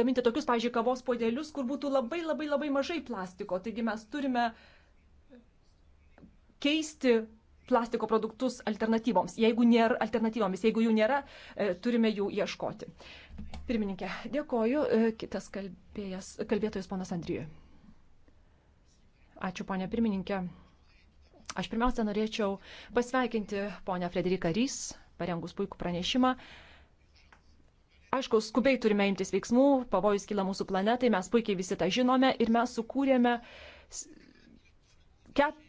gaminti tokius, pavyzdžiui, kavos podelius, kur būtų labai labai labai mažai plastiko. Taigi mes turime keisti plastiko produktus alternatyvoms. Jeigu nėra alternatyvomis, jeigu jų nėra, e, turime jų ieškoti. Pirmininkė, dėkoju. E, kitas kalbėjas, kalbėtojas ponas Andrijui. Ačiū, ponė pirmininkė. Aš pirmiausia norėčiau pasveikinti ponę Frederiką Rys, parengus puikų pranešimą. Uh, Aišku, skubiai turime imtis veiksmų, pavojus kyla mūsų planetai, mes puikiai visi tą žinome ir mes sukūrėme ket,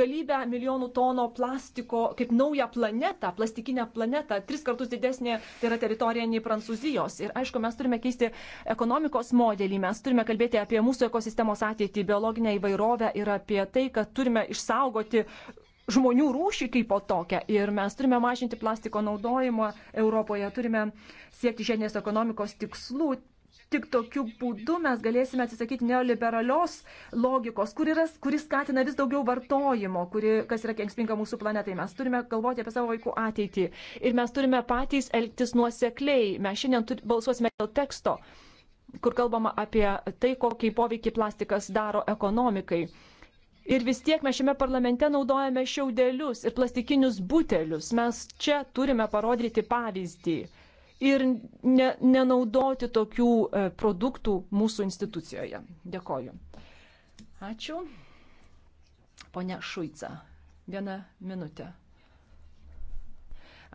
galybę milijonų tono plastiko kaip naują planetą, plastikinę planetą, tris kartus didesnė tai yra teritorija nei Prancūzijos. Ir aišku, mes turime keisti ekonomikos modelį, mes turime kalbėti apie mūsų ekosistemos ateitį, biologinę įvairovę ir apie tai, kad turime išsaugoti žmonių rūšį kaip po tokią. Ir mes turime mažinti plastiko naudojimą Europoje, turime siekti žiedinės ekonomikos tikslų. Tik tokiu būdu mes galėsime atsisakyti neoliberalios logikos, kur yra, kuris skatina vis daugiau vartojimo, kuri, kas yra kengsminga mūsų planetai. Mes turime galvoti apie savo vaikų ateitį ir mes turime patys elgtis nuosekliai. Mes šiandien tur, balsuosime dėl teksto, kur kalbama apie tai, kokį poveikį plastikas daro ekonomikai. Ir vis tiek mes šiame parlamente naudojame šiaudelius ir plastikinius butelius. Mes čia turime parodyti pavyzdį ir ne, nenaudoti tokių e, produktų mūsų institucijoje. Dėkoju. Ačiū. Pone Šuica, vieną minutę.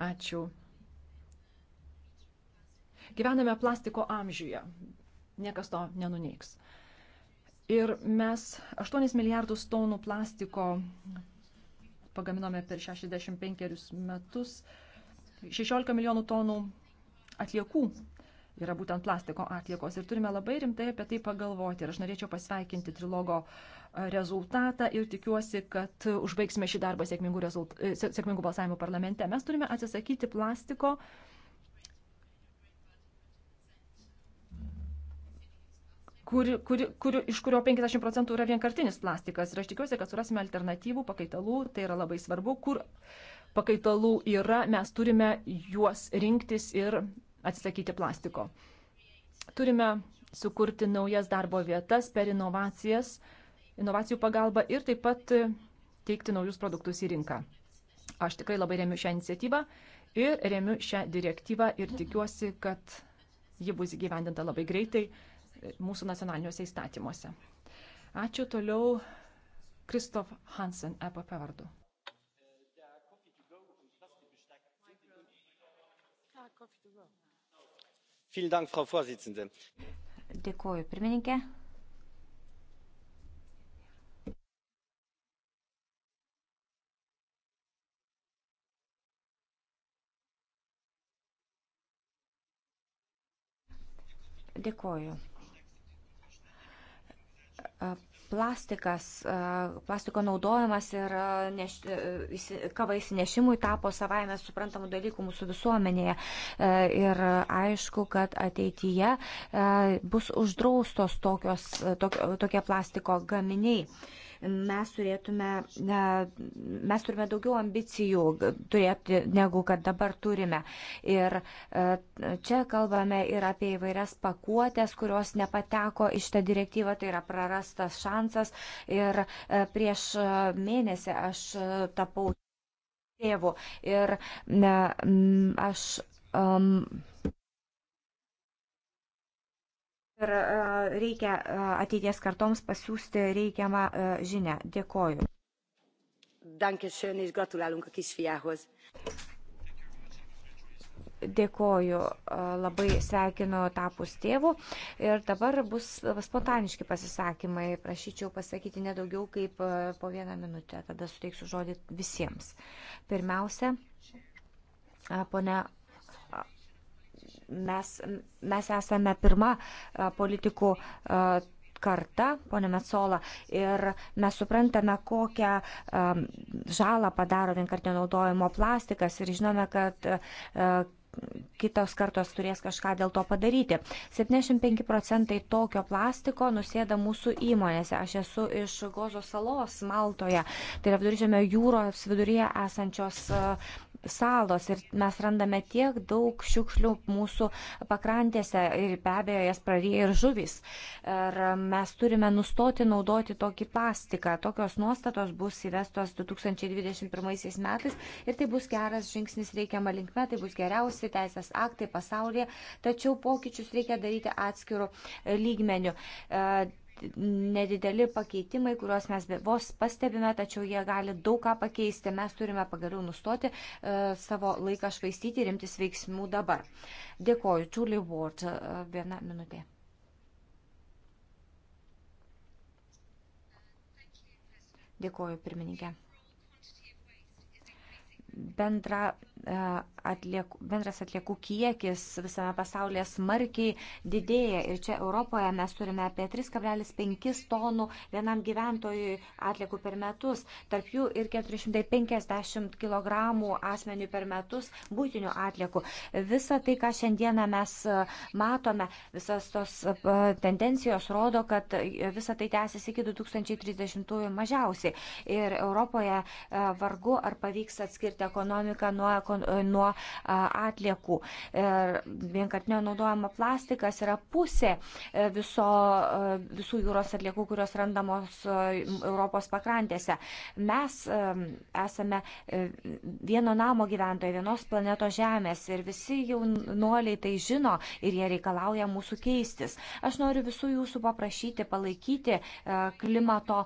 Ačiū. Gyvename plastiko amžiuje. Niekas to nenuneiks. Ir mes 8 milijardus tonų plastiko pagaminome per 65 metus. 16 milijonų tonų atliekų yra būtent plastiko atliekos. Ir turime labai rimtai apie tai pagalvoti. Ir aš norėčiau pasveikinti trilogo e, rezultatą ir tikiuosi, kad užbaigsime šį darbą sėkmingų, rezult... E, sėkmingų balsavimų parlamente. Mes turime atsisakyti plastiko. Uh, kur, kur, kur, iš kurio 50 procentų yra vienkartinis plastikas. Ir aš tikiuosi, kad surasime alternatyvų pakaitalų, tai yra labai svarbu, kur pakaitalų yra, mes turime juos rinktis ir atsisakyti plastiko. Turime sukurti naujas darbo vietas per inovacijas, inovacijų pagalbą ir taip pat teikti naujus produktus į rinką. Aš tikrai labai remiu šią iniciatyvą ir remiu šią direktyvą ir tikiuosi, kad ji bus įgyvendinta labai greitai mūsų nacionaliniuose įstatymuose. Ačiū toliau Kristof Hansen EPP vardu. Dėkuoju, pirmininkė. Dėkuoju. Plastikas, plastiko naudojimas ir neš, e, kava įsinešimui tapo savaime suprantamų dalykų mūsų visuomenėje. E, ir aišku, kad ateityje e, bus uždraustos tokios, tok, tokie plastiko gaminiai. Mes, turėtume, mes turime daugiau ambicijų turėti, negu kad dabar turime. Ir e, čia kalbame ir apie įvairias pakuotės, kurios nepateko į šitą direktyvą, tai yra prarastas šansas. Ir e, prieš e, mėnesį aš tapau tėvu ir ne, aš. Um, ir e, reikia e, ateities kartoms pasiūsti reikiamą e, žinę. Dėkoju. Dankeschön, és gratulálunk a kisfiához. Dėkoju, labai sveikinu tapus tėvų. Ir dabar bus spontaniški pasisakymai. Prašyčiau pasakyti nedaugiau kaip po vieną minutę. Tada suteiksiu žodį visiems. Pirmiausia, ponia mes, mes esame pirma politikų karta, ponė Metsola, ir mes suprantame, kokią žalą padaro vienkartinio naudojimo plastikas ir žinome, kad kitos kartos turės kažką dėl to padaryti. 75 procentai tokio plastiko nusėda mūsų įmonėse. Aš esu iš Gozo salos Maltoje, tai yra viduržėmio jūros viduryje esančios salos ir mes randame tiek daug šiukšlių mūsų pakrantėse ir be abejo jas praryja ir žuvis. Ir mes turime nustoti naudoti tokį plastiką. Tokios nuostatos bus įvestos 2021 metais ir tai bus geras žingsnis reikiama linkme, tai bus geriausi teisės aktai pasaulyje, tačiau pokyčius reikia daryti atskirų lygmenių nedideli pakeitimai, kuriuos mes vos pastebime, tačiau jie gali daug ką pakeisti. Mes turime pagaliau nustoti e, savo laiką švaistyti ir imtis veiksmų dabar. Dėkoju. Julie Ward, e, viena minutė. Dėkoju, pirmininkė. Bendra E, atliekų, bendras atliekų kiekis visame pasaulyje smarkiai didėja. Ir čia Europoje mes turime apie 3,5 tonų vienam gyventojui atliekų per metus, tarp jų ir 450 kg asmenių per metus būtinių atliekų. Visa tai, ką šiandieną mes e, matome, visas tos e, tendencijos rodo, kad visa tai tęsis iki 2030 mažiausiai. Ir Europoje vargu ar pavyks atskirti ekonomiką nuo ekonomikos plastiko e, nuo atliekų. Ir e, vienkartinio naudojama plastikas yra pusė e, viso, visų jūros atliekų, kurios randamos Europos pakrantėse. Mes esame vieno namo gyventojai, vienos planetos Žemės ir visi jaunuoliai tai žino ir jie reikalauja mūsų keistis. Aš noriu visų jūsų paprašyti palaikyti klimato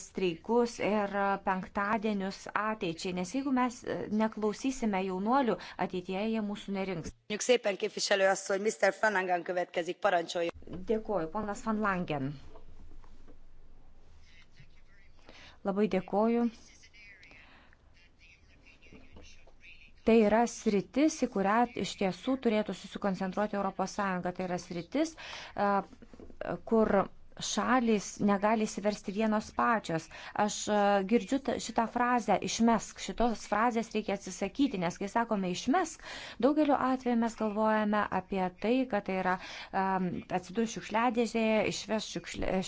streikus ir penktadienius ateičiai, nes jeigu mes neklausysime, neturime jaunuolių, ateitie jie mūsų nerinks. Dėkuoju, ponas Van Langen. Labai dėkuoju. tai yra sritis, į kurią iš tiesų turėtų susikoncentruoti ES. Tai yra sritis, kur šalis negali įsiversti vienos pačios. Aš e, girdžiu šitą frazę išmesk, šitos frazės reikia atsisakyti, nes kai sakome išmesk, daugeliu atveju mes galvojame apie tai, kad tai yra um, atsidur šiukšliadėžėje, išves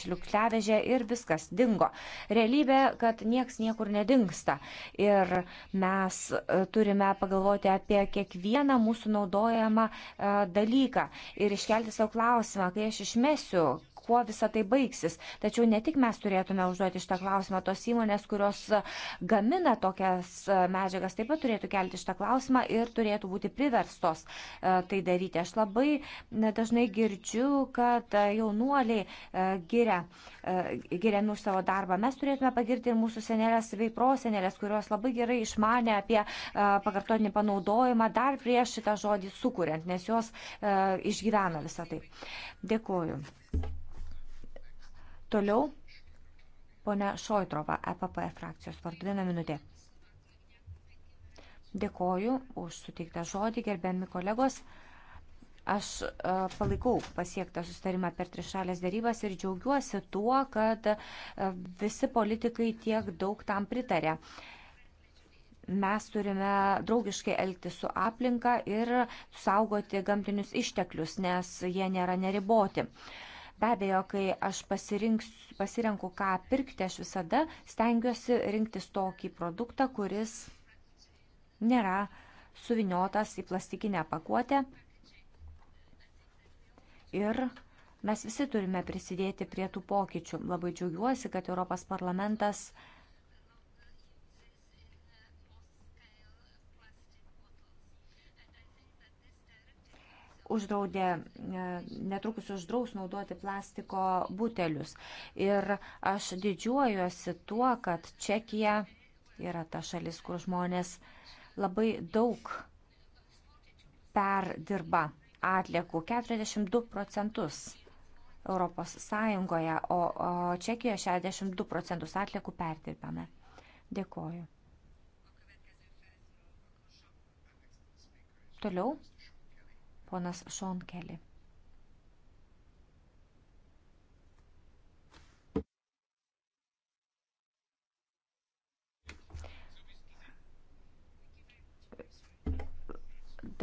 šiukšliavežė ir viskas dingo. Realybė, kad nieks niekur nedingsta. Ir mes e, turime pagalvoti apie kiekvieną mūsų naudojamą uh, dalyką ir iškelti savo klausimą, kai aš išmesiu, kuo visa tai baigsis. Tačiau ne tik mes turėtume užduoti šitą klausimą, tos įmonės, kurios gamina tokias e, medžiagas, taip pat turėtų kelti šitą klausimą ir turėtų būti priverstos e, tai daryti. Aš labai dažnai girdžiu, kad e, jaunuoliai giria, giriami už nu savo darbą. Mes turėtume pagirti ir mūsų senelės bei prosenelės, kurios labai gerai išmanė apie pakartotinį panaudojimą dar prieš šitą žodį sukuriant, nes jos išgyvena visą tai. Dėkuoju. Toliau ponia Šoitrova, EPP frakcijos vardu. Vieną minutę. Dėkoju už suteiktą žodį, gerbiami kolegos. Aš e, palaikau pasiektą sustarimą per trišalės darybas ir džiaugiuosi tuo, kad e, visi politikai tiek daug tam pritarė. Mes turime draugiškai elgti su aplinka ir saugoti gamtinius išteklius, nes jie nėra neriboti. Uh, Be abejo, kai aš pasirenku, ką pirkti, aš visada stengiuosi rinktis tokį produktą, kuris nėra suviniotas į plastikinę pakuotę. Ir mes visi turime prisidėti prie tų pokyčių. Labai džiaugiuosi, kad Europos parlamentas uh, uždraudė, e, netrukus uždraus naudoti plastiko butelius. Ir aš didžiuojuosi tuo, kad Čekija yra ta šalis, kur žmonės labai daug perdirba atliekų 42 procentus. Europos Sąjungoje, o, o Čekijoje 62 procentus atliekų perdirbame. Dėkoju. Toliau ponas Šonkeli.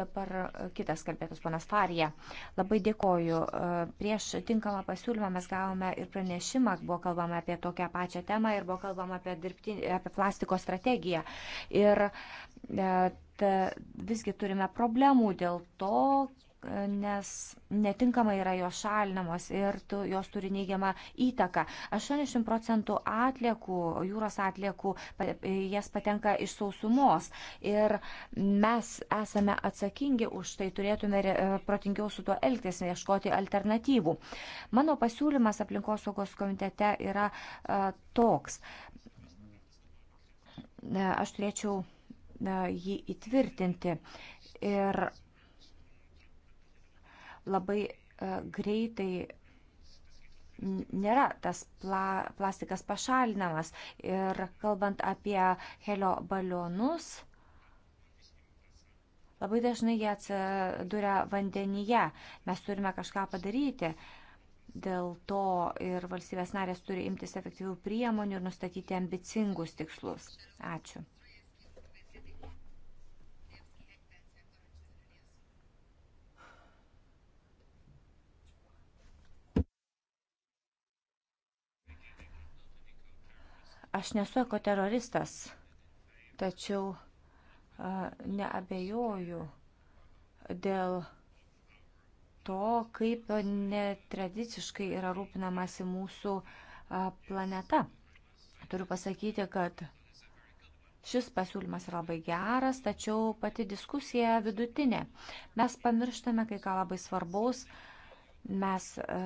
dabar kitas kalbėtas panas Farija. Labai dėkoju. Prieš tinkamą pasiūlymą mes gavome ir pranešimą, buvo kalbama apie tokią pačią temą ir buvo kalbama apie, dirbtinį, apie plastiko strategiją. Ir e, E, visgi turime problemų dėl to, e, nes netinkamai yra jos šalinamos ir tu, jos turi neigiamą įtaką. 80 procentų atliekų, jūros atliekų, e, jas patenka iš sausumos ir mes esame atsakingi už tai, turėtume protingiau su tuo elgtis, ieškoti alternatyvų. Mano pasiūlymas aplinkosaugos komitete yra toks. Aš turėčiau jį įtvirtinti. Ir labai e, greitai nėra tas pla, plastikas pašalinamas. Ir kalbant apie helio balionus, labai dažnai jie atsiduria vandenyje. Mes turime kažką padaryti. Dėl to ir valstybės narės turi imtis efektyvių priemonių ir nustatyti ambicingus tikslus. Ačiū. Aš nesu ekoteroristas, tačiau neabejoju dėl to, kaip netradiciškai yra rūpinamasi mūsų planeta. Turiu pasakyti, kad Šis pasiūlymas yra labai geras, tačiau pati diskusija vidutinė. Mes pamirštame kai ką labai svarbaus, Mes e,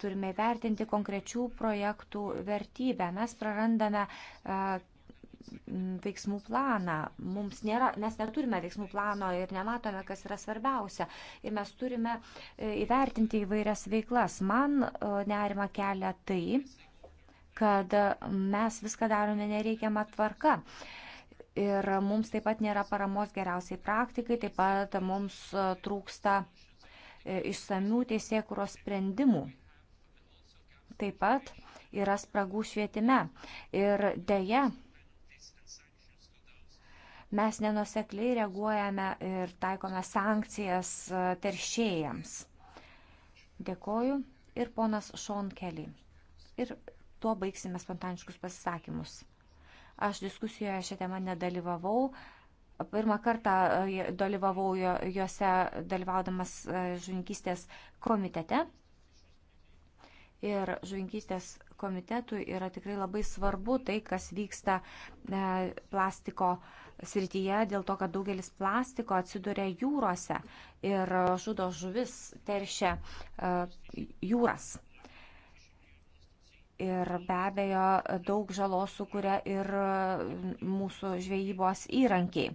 turime vertinti konkrečių projektų vertybę. Mes prarandame e, veiksmų planą. Mums nėra, mes neturime veiksmų plano ir nematome, kas yra svarbiausia. Ir mes turime e, įvertinti įvairias veiklas. Man nerima kelia tai, kad mes viską darome nereikiamą tvarką. Ir mums taip pat nėra paramos geriausiai praktikai, taip pat mums trūksta E, išsamių teisėkuros sprendimų. Taip pat yra spragų švietime. Ir dėja, mes nenusekliai reaguojame ir taikome sankcijas e, teršėjams. Dėkoju ir ponas Šon Kelly. Ir tuo baigsime spontaniškus pasisakymus. Aš diskusijoje šią temą nedalyvavau, Pirmą kartą e, dalyvavau juose dalyvaudamas e, žuvininkystės komitete. Ir žuvininkystės komitetui yra tikrai labai svarbu tai, kas vyksta e, plastiko srityje, dėl to, kad daugelis plastiko atsiduria jūrose ir žudo žuvis, teršia jūras. Ir be abejo, daug žalos sukuria ir mūsų žvejybos įrankiai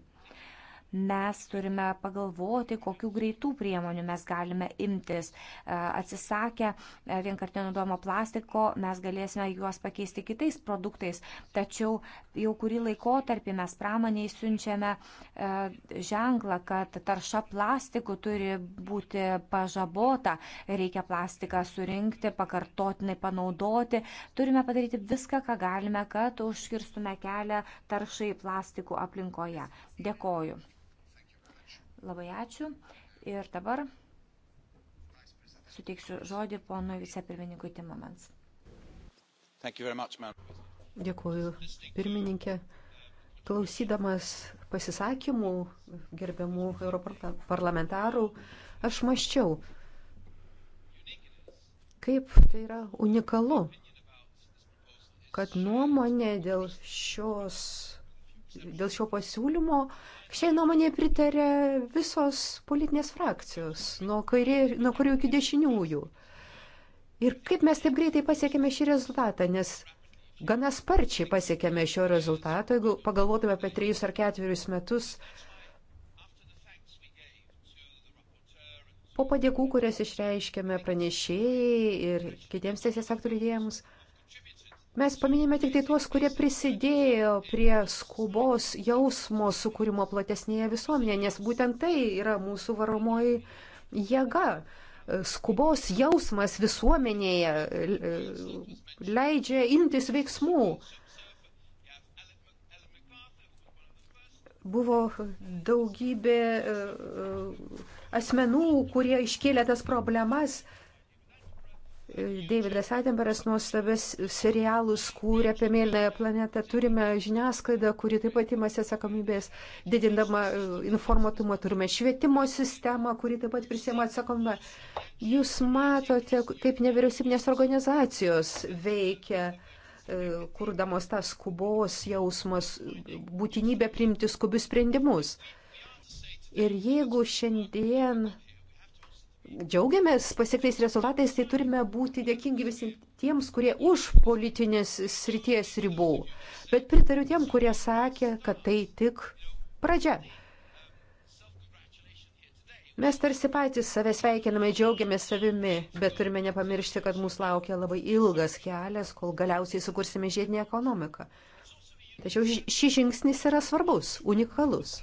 mes turime pagalvoti, kokiu greitų priemonių mes galime imtis. E, atsisakę e, vienkartinio naudojimo plastiko, mes galėsime juos pakeisti kitais produktais. Tačiau jau kurį laikotarpį mes pramoniai siunčiame e, ženklą, kad tarša plastikų turi būti pažabota. Reikia plastiką surinkti, pakartotinai panaudoti. Turime padaryti viską, ką galime, kad užkirstume kelią taršai plastikų aplinkoje. Dėkoju. Labai ačiū. Ir dabar suteiksiu žodį ponui vicepirmininkui Timomans. Dėkuoju, pirmininkė. Klausydamas pasisakymų gerbiamų europarlamentarų, aš maščiau, kaip tai yra unikalu, kad nuomonė dėl, šios, dėl šio pasiūlymo uh, Šiai nuomonė pritarė visos politinės frakcijos, nuo, kairė, nuo kurių iki dešiniųjų. Ir kaip mes taip greitai pasiekėme šį rezultatą, nes gana sparčiai pasiekėme šio rezultato, jeigu pagalvotume apie trejus ar ketverius metus. Po padėkų, kurias išreiškėme pranešėjai ir kitiems teisės aktų lydėjams, Mes paminėjome tik tai tuos, kurie prisidėjo prie skubos jausmo sukūrimo platesnėje visuomenėje, nes būtent tai yra mūsų varomoji jėga. Skubos jausmas visuomenėje e, leidžia imtis veiksmų. Buvo daugybė e, e, asmenų, kurie iškėlė tas problemas Davidas Atemberas nuostabės serialus kūrė apie mėlynąją planetą. Turime žiniasklaidą, kuri taip pat imasi atsakomybės, didindama e, informatumą. Turime švietimo sistemą, kuri taip pat prisėmė atsakomybę. Jūs matote, kaip nevyriausybinės organizacijos veikia, e, kurdamos tą skubos jausmas, būtinybę priimti skubius sprendimus. Ir jeigu šiandien džiaugiamės pasiektais rezultatais, tai turime būti dėkingi visiems tiems, kurie už politinės srities ribų. Bet pritariu tiem, kurie sakė, kad tai tik pradžia. Mes tarsi patys save sveikiname, džiaugiamės savimi, bet turime nepamiršti, kad mūsų laukia labai ilgas kelias, kol galiausiai sukursime žiedinį ekonomiką. Tačiau šis žingsnis yra svarbus, unikalus,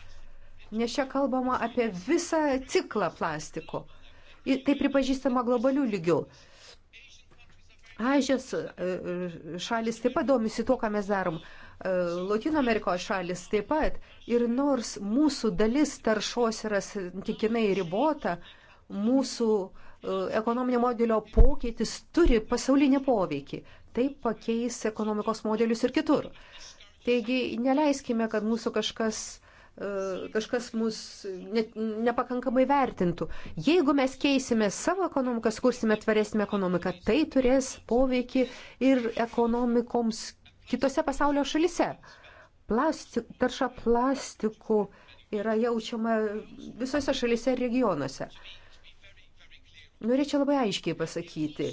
nes čia kalbama apie visą ciklą plastiko tai pripažįstama globalių lygių. Azijos e, e, šalis taip pat domisi tuo, ką mes darom. E, Latino Amerikos šalis taip pat. Ir nors mūsų dalis taršos yra tikinai ribota, mūsų ekonominio modelio pokytis turi pasaulinį poveikį. Tai pakeis ekonomikos modelius ir kitur. Taigi neleiskime, kad mūsų kažkas E, kažkas mus ne, nepakankamai vertintų. Jeigu mes keisime savo ekonomiką, skursime tvaresnį ekonomiką, tai turės poveikį ir ekonomikoms kitose pasaulio šalise. Plastik, tarša plastikų yra jaučiama visose šalise ir regionuose. Norėčiau labai aiškiai pasakyti.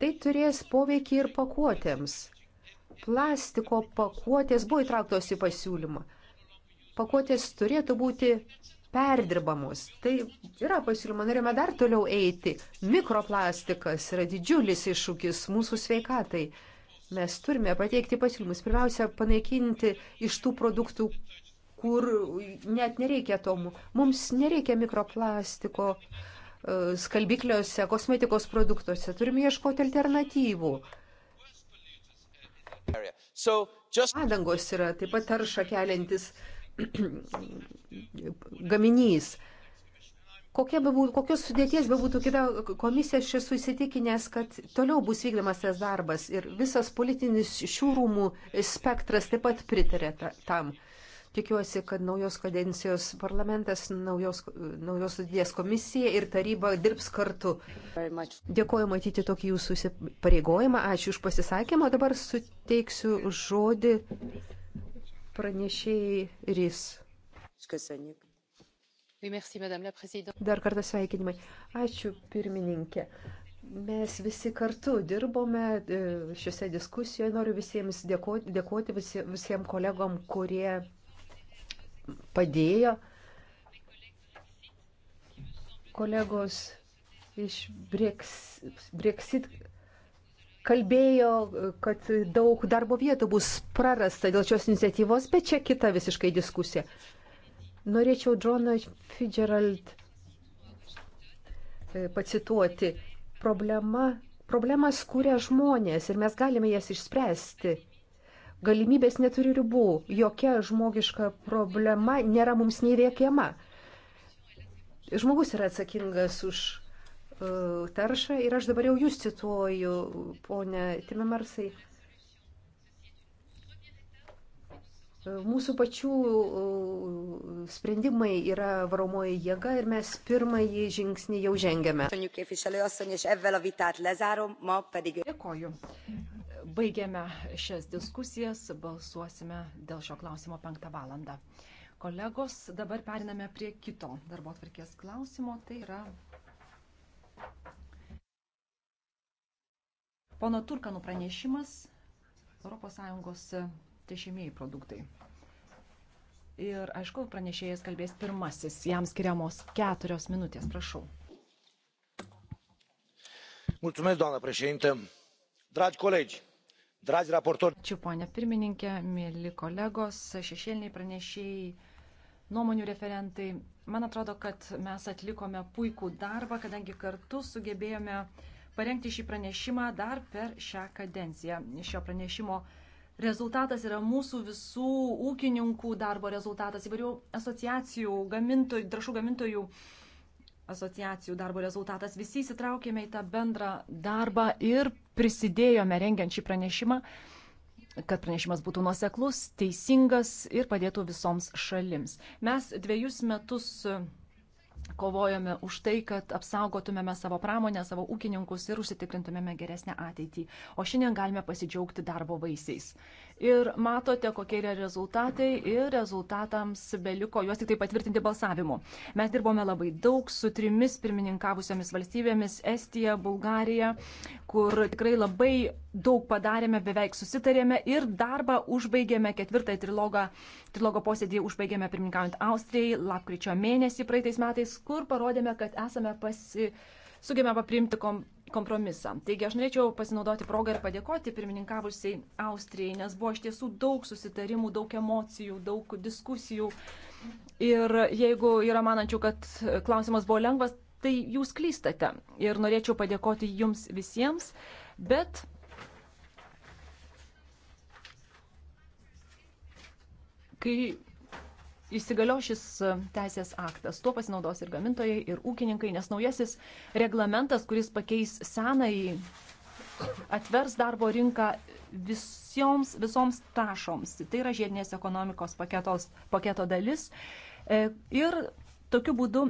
Tai turės poveikį ir pakuotėms. Plastiko pakuotės buvo įtrauktos į pasiūlymą pakuotės turėtų būti perdirbamos. Tai yra pasiūlymo, norime dar toliau eiti. Mikroplastikas yra didžiulis iššūkis mūsų sveikatai. Mes turime pateikti pasiūlymus. Pirmiausia, panaikinti iš tų produktų, kur net nereikia to. Mums nereikia mikroplastiko e, skalbikliuose, kosmetikos produktuose. Turime ieškoti alternatyvų. Padangos yra taip pat tarša keliantis uh, gaminys. Kokie bebūtų, kokios sudėties bebūtų kita komisija, aš esu įsitikinęs, kad toliau bus vykdomas tas darbas ir visas politinis šių rūmų spektras taip pat pritarė ta, tam. Tikiuosi, kad naujos kadencijos parlamentas, naujos, naujos sudėties komisija ir taryba dirbs kartu. Dėkuoju matyti tokį jūsų pareigojimą. Ačiū už pasisakymą. Dabar suteiksiu žodį pranešėjai Rys. Dar kartą sveikinimai. Ačiū, pirmininkė. Mes visi kartu dirbome e, šiuose diskusijoje. Noriu visiems dėkoti, dėkoti visie, visiems kolegom, kurie padėjo. Kolegos iš Brexit kalbėjo, kad daug darbo vietų bus prarasta dėl šios iniciatyvos, bet čia kita visiškai diskusija. Norėčiau Džoną Fitzgerald e, pacituoti. Problema, problemas kūrė žmonės ir mes galime jas išspręsti. Galimybės neturi ribų, jokia žmogiška problema nėra mums neįveikiama. Žmogus yra atsakingas už E, taršą ir aš dabar jau jūs cituoju, ponė Timimarsai. E, mūsų pačių e, sprendimai yra varomoji jėga ir mes pirmąjį žingsnį jau žengėme. Dėkoju. Baigėme šias diskusijas, balsuosime dėl šio klausimo penktą valandą kolegos, dabar periname prie kito darbo atvarkės klausimo, tai yra Pono Turkanų pranešimas ES e, tešimieji produktai. Ir aišku, pranešėjas kalbės pirmasis, jam skiriamos keturios minutės, prašau. Mulțumesc, doamnă președintă. Dragi colegi, dragi raportori. Ačiū, ponia pirmininkė, mėly kolegos, šešėliniai pranešėjai, nuomonių referentai. Man atrodo, kad mes atlikome puikų darbą, kadangi kartu sugebėjome uh, parengti šį pranešimą dar per šią kadenciją. Šio pranešimo rezultatas yra mūsų visų ūkininkų darbo rezultatas, įvairių asociacijų, gamintojų, trašų gamintojų asociacijų darbo rezultatas. Visi įsitraukėme į tą bendrą darbą ir prisidėjome rengiant šį pranešimą, kad pranešimas būtų nuoseklus, teisingas ir padėtų visoms šalims. Mes dviejus metus kovojome už tai, kad apsaugotumėme savo pramonę, savo ūkininkus ir užsitikrintumėme geresnę ateitį. O šiandien galime pasidžiaugti darbo vaisiais ir matote, kokie yra rezultatai ir rezultatams beliko juos tik tai patvirtinti balsavimu. Mes dirbome labai daug su trimis pirmininkavusiamis valstybėmis - Estija, Bulgarija, kur tikrai labai daug padarėme, beveik susitarėme ir darbą užbaigėme ketvirtąjį trilogą. Trilogo posėdį užbaigėme pirmininkaujant Austrijai lapkričio mėnesį praeitais metais, kur parodėme, kad esame pasi... sugebėme priimti kom kompromisą. Taigi aš norėčiau pasinaudoti progą ir padėkoti pirmininkavusiai Austrijai, nes buvo iš tiesų daug susitarimų, daug emocijų, daug diskusijų. Ir jeigu yra manančių, kad klausimas buvo lengvas, tai jūs klystate. Ir norėčiau padėkoti jums visiems, bet kai įsigalio šis e, teisės aktas. Tuo pasinaudos ir gamintojai, ir ūkininkai, nes naujasis reglamentas, kuris pakeis senąjį, atvers darbo rinką visioms, visoms trašoms. Tai yra žiedinės ekonomikos paketos, paketo dalis. E, ir tokiu būdu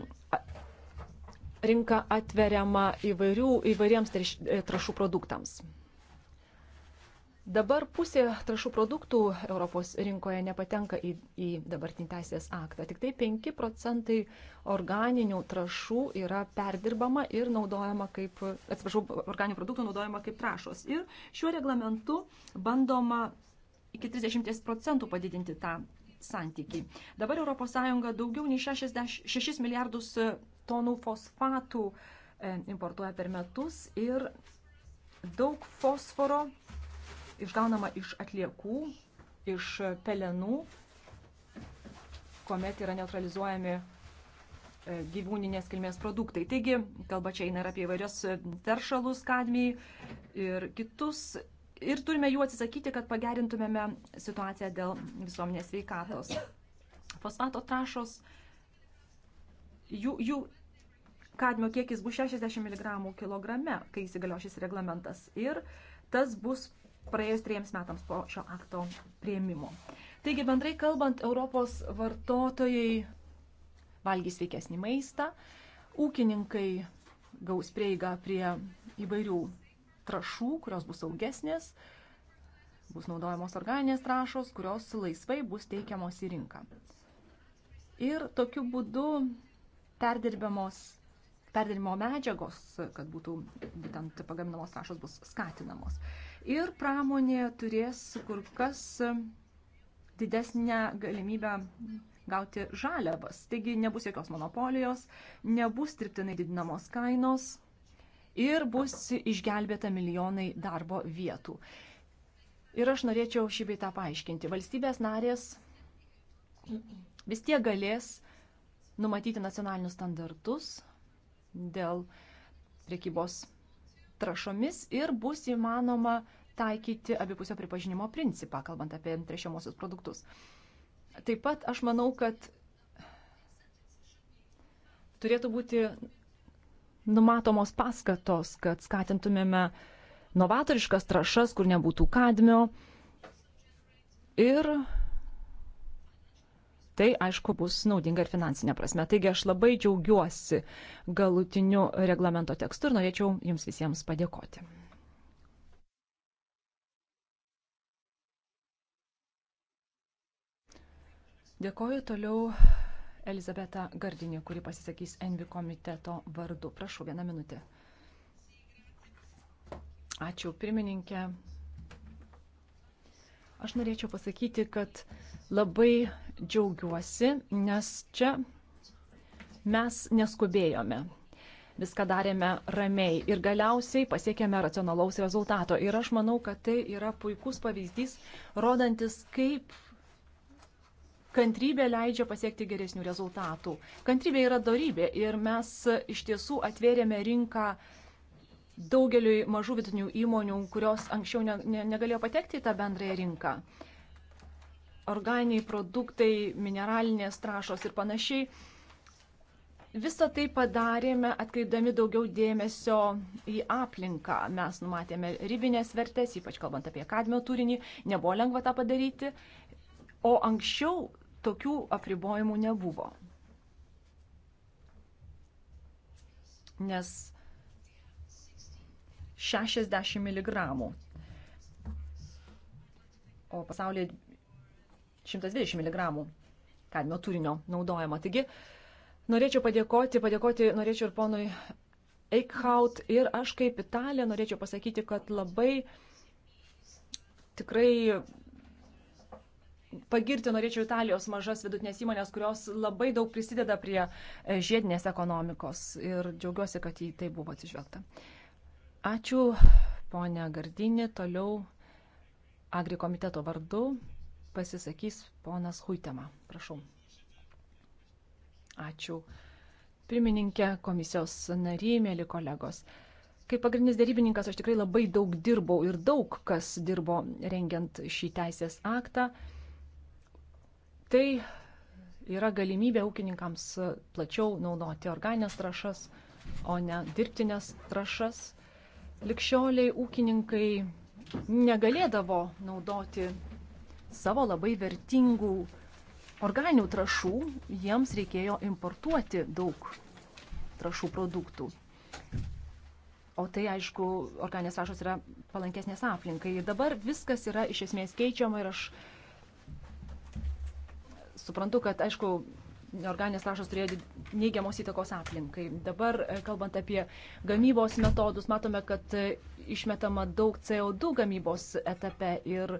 rinka atveriama įvairių, įvairiems trašų e, produktams. Dabar pusė trašų produktų Europos rinkoje nepatenka į, į dabartinį teisės aktą. Tik tai 5 procentai organinių trašų yra perdirbama ir naudojama kaip, atsiprašau, organinių produktų naudojama kaip trašos. Ir šiuo reglamentu bandoma iki 30 procentų padidinti tą santykį. Dabar ES daugiau nei 66 milijardus tonų fosfatų e, importuoja per metus ir daug fosforo išgaunama iš atliekų, iš pelenų, kuomet yra neutralizuojami e, gyvūninės kilmės produktai. Taigi, kalba čia eina ir apie įvairios e, teršalus, kadmiai ir kitus. Ir turime jų atsisakyti, kad pagerintumėme situaciją dėl visuomenės veikatos. Fosfato trašos, jų, jų kadmio kiekis bus 60 mg kilograme, kai įsigalio šis reglamentas. Ir tas bus praėjus triems metams po šio akto prieimimo. Taigi, bendrai kalbant, Europos vartotojai valgys sveikesnį maistą, ūkininkai gaus prieigą prie įvairių trašų, kurios bus saugesnės, bus naudojamos organinės trašos, kurios laisvai bus teikiamos į rinką. Ir tokiu būdu perdirbiamos perdirimo medžiagos, kad būtų būtent pagaminamos trašos bus skatinamos. Ir pramonė turės kur kas didesnę galimybę gauti žaliavas. Taigi nebus jokios monopolijos, nebus dirbtinai didinamos kainos ir bus išgelbėta milijonai darbo vietų. Ir aš norėčiau šį beitą paaiškinti. Valstybės narės vis tiek galės numatyti nacionalinius standartus dėl priekybos trašomis ir bus įmanoma taikyti abipusio pripažinimo principą, kalbant apie trešiamosius produktus. Taip pat aš manau, kad turėtų būti numatomos paskatos, kad skatintumėme novatoriškas trašas, kur nebūtų kadmio ir tai, aišku, bus naudinga ir finansinė prasme. Taigi aš labai džiaugiuosi galutiniu reglamento tekstu ir norėčiau Jums visiems padėkoti. Dėkoju toliau Elizabeta Gardinė, kuri pasisakys Envi komiteto vardu. Prašau, vieną minutę. Ačiū, pirmininkė, Aš norėčiau pasakyti, kad labai džiaugiuosi, nes čia mes neskubėjome. Viską darėme ramiai ir galiausiai pasiekėme racionalaus rezultato. Ir aš manau, kad tai yra puikus pavyzdys, rodantis, kaip kantrybė leidžia pasiekti geresnių rezultatų. Kantrybė yra darybė ir mes iš tiesų atvėrėme rinką uh, daugeliui mažų vidutinių įmonių, kurios anksčiau ne, ne, negalėjo patekti į tą bendrąją rinką. Organiniai produktai, mineralinės trašos ir panašiai. Visą tai padarėme atkreipdami daugiau dėmesio į aplinką. Mes numatėme ribinės vertės, ypač kalbant apie kadmio turinį, nebuvo lengva tą padaryti, o anksčiau tokių apribojimų nebuvo. Nes 60 mg. O pasaulyje 120 mg kadmio turinio naudojama. Taigi, norėčiau padėkoti, padėkoti norėčiau ir ponui Eichhaut ir aš kaip Italija norėčiau pasakyti, kad labai tikrai pagirti norėčiau Italijos mažas vidutinės įmonės, kurios labai daug prisideda prie e, žiedinės ekonomikos ir džiaugiuosi, kad į tai buvo atsižvelgta. Ačiū, ponia Gardinė. Toliau Agri komiteto vardu pasisakys ponas Huitema. Prašau. Ačiū. Pirmininkė, komisijos nariai, mėly kolegos. Kaip pagrindinis dėrybininkas aš tikrai labai daug dirbau ir daug kas dirbo rengiant šį teisės aktą. Tai yra galimybė ūkininkams plačiau naudoti organės trašas, o ne dirbtinės trašas likščioliai ūkininkai negalėdavo naudoti savo labai vertingų organinių trašų, jiems reikėjo importuoti daug trašų produktų. O tai, aišku, organinės trašos yra palankesnės aplinkai. Ir dabar viskas yra iš esmės keičiama ir aš suprantu, kad, aišku, organinės trašos turėjo neigiamos įtakos aplinkai. Dabar, e, kalbant apie gamybos metodus, matome, kad e, išmetama daug CO2 gamybos etape ir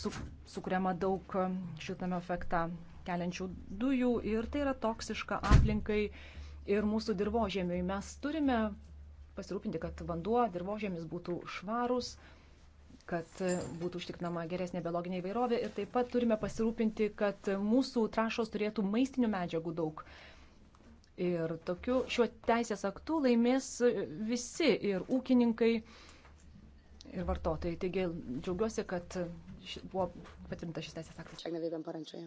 su, sukuriama daug e, šiltame efektą keliančių dujų ir tai yra toksiška aplinkai ir mūsų dirbožėmiui. Mes turime pasirūpinti, kad vanduo, dirbožėmis būtų švarus, kad būtų užtikrinama geresnė biologinė įvairovė ir taip pat turime pasirūpinti, kad mūsų trašos turėtų maistinių medžiagų daug. Ir tokiu šiuo teisės aktu laimės visi ir ūkininkai, ir vartotojai. Taigi džiaugiuosi, kad ši, buvo patvirtintas šis teisės aktas. Čia nevėdam parančioje.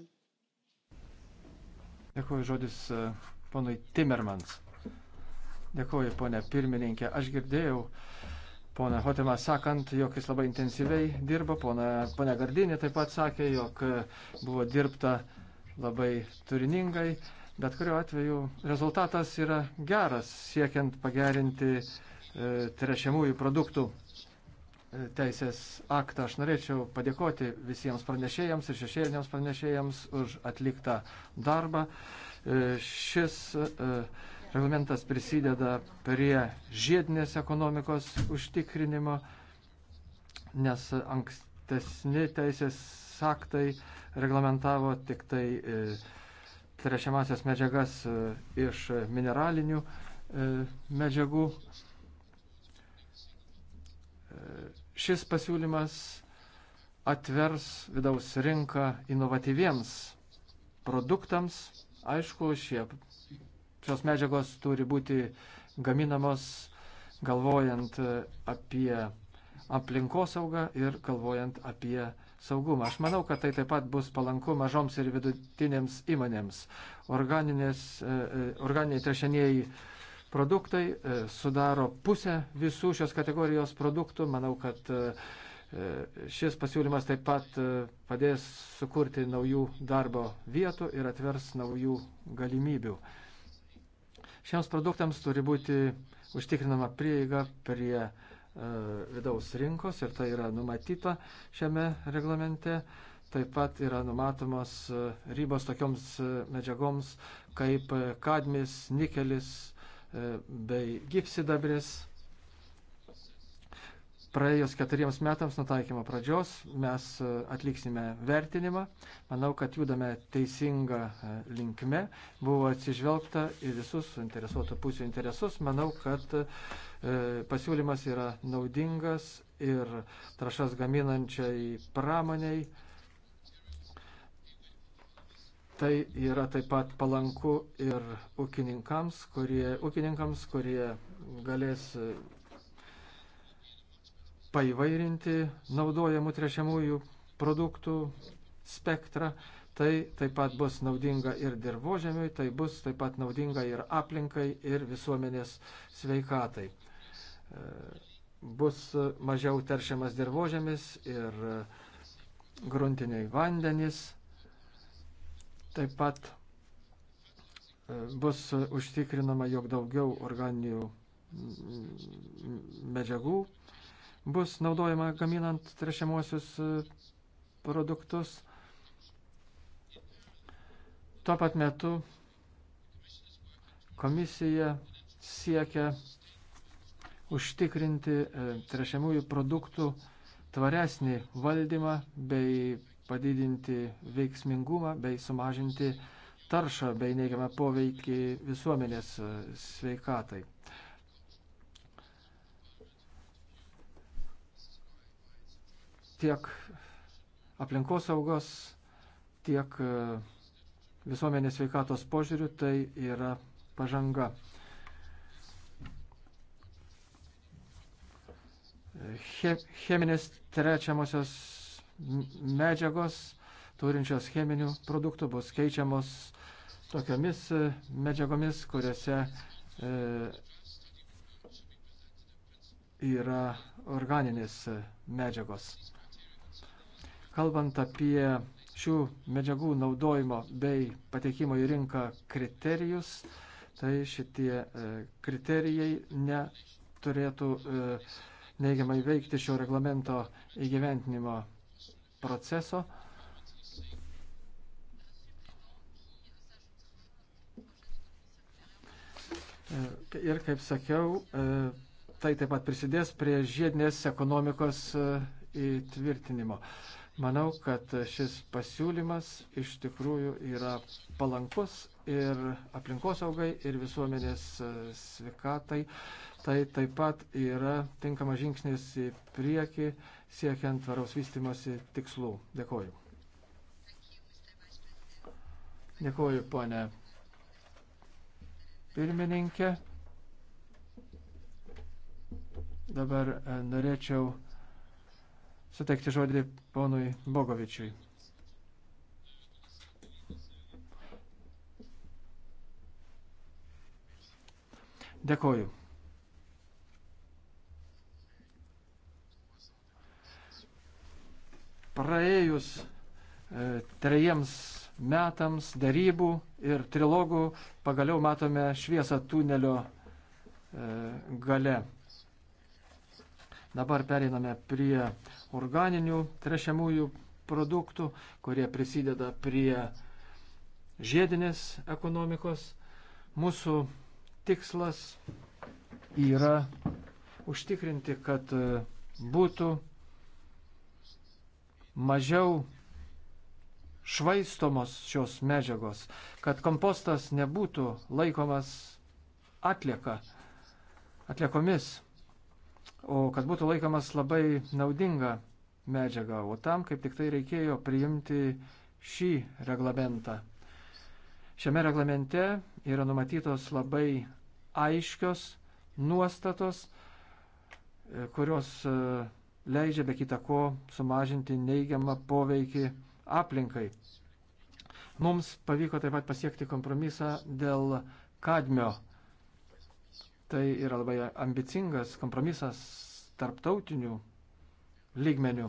Dėkuoju žodis e, ponui Timmermans. Dėkuoju, ponė pirmininkė. Aš girdėjau uh, Pona Hotema sakant, jog jis labai intensyviai dirba, pona, pona Gardinė taip pat sakė, jog e, buvo dirbta labai turiningai, bet kuriuo atveju rezultatas yra geras, siekiant pagerinti e, trešiamųjų produktų e, teisės aktą. Aš norėčiau padėkoti visiems pranešėjams ir šešėliniams pranešėjams už atliktą darbą. E, šis e, Reglamentas prisideda prie žiedinės ekonomikos užtikrinimo, nes ankstesni teisės aktai reglamentavo tik tai e, trešiamasias medžiagas e, iš mineralinių e, medžiagų. E, šis pasiūlymas atvers vidaus rinką inovatyviems produktams. Aišku, šie šios medžiagos turi būti gaminamos galvojant apie aplinkosaugą ir galvojant apie saugumą. Aš manau, kad tai taip pat bus palanku mažoms ir vidutinėms įmonėms. Organinės, e, e, organiniai trešenieji produktai e, sudaro pusę visų šios kategorijos produktų. Manau, kad šis pasiūlymas taip pat padės sukurti naujų darbo vietų ir atvers naujų galimybių. Šiems produktams turi būti užtikrinama prieiga prie e, vidaus rinkos ir tai yra numatyta šiame reglamente. Taip pat yra numatomos e, ribos tokioms e, medžiagoms kaip kadmis, nikelis bei gipsidabris. Praėjus keturiems metams nutaikymo pradžios mes e, atliksime vertinimą. Manau, kad judame teisinga e, linkme. Buvo atsižvelgta į visus suinteresuotų pusių interesus. Manau, kad e, pasiūlymas yra naudingas ir trašas gaminančiai pramoniai. Tai yra taip pat palanku ir ūkininkams, kurie, ūkininkams, kurie galės paivairinti naudojamų trešiamųjų produktų spektrą. Tai taip pat bus naudinga ir dirbožėmiui, tai bus taip pat naudinga ir aplinkai, ir visuomenės sveikatai. E, bus mažiau teršiamas dirbožėmis ir gruntiniai vandenys. Taip pat e, bus užtikrinama, jog daugiau organinių medžiagų bus naudojama gaminant trešiamuosius e, produktus. Tuo pat metu komisija siekia užtikrinti e, trešiamųjų produktų tvaresnį valdymą bei padidinti veiksmingumą bei sumažinti taršą bei neigiamą poveikį visuomenės e, sveikatai. tiek aplinkosaugos, tiek e, visuomenės veikatos požiūrių tai yra pažanga. Cheminės trečiamosios medžiagos, turinčios cheminių produktų, bus keičiamos tokiamis e, medžiagomis, kuriuose e, yra organinės medžiagos. Kalbant apie šių medžiagų naudojimo bei patekimo į rinką kriterijus, tai šitie e, kriterijai neturėtų e, neigiamai veikti šio reglamento įgyventinimo proceso. E, ir kaip sakiau, tai taip pat prisidės prie žiedinės ekonomikos įtvirtinimo. E, Manau, kad šis pasiūlymas iš tikrųjų yra palankus ir aplinkosaugai, ir visuomenės e, sveikatai. Tai taip pat yra tinkamas žingsnis į priekį siekiant tvaraus vystimosi tikslų. Dėkoju. Dėkoju, ponė pirmininkė. Dabar e, norėčiau suteikti žodį ponui Bogovičiui. Dėkoju. Praėjus e, trejiems metams darybų ir trilogų pagaliau matome šviesą tunelio e, gale. Dabar periname prie organinių trešiamųjų produktų, kurie prisideda prie žiedinės ekonomikos. Mūsų tikslas yra užtikrinti, kad būtų mažiau švaistomos šios medžiagos, kad kompostas nebūtų laikomas atlieka, atliekomis o kad būtų laikomas labai naudinga medžiaga. O tam kaip tik tai reikėjo priimti šį reglamentą. Šiame reglamente yra numatytos labai aiškios nuostatos, e, kurios e, leidžia be kita ko sumažinti neigiamą poveikį aplinkai. Mums pavyko taip pat pasiekti kompromisą dėl kadmio Tai yra labai ambicingas kompromisas tarptautinių lygmenių,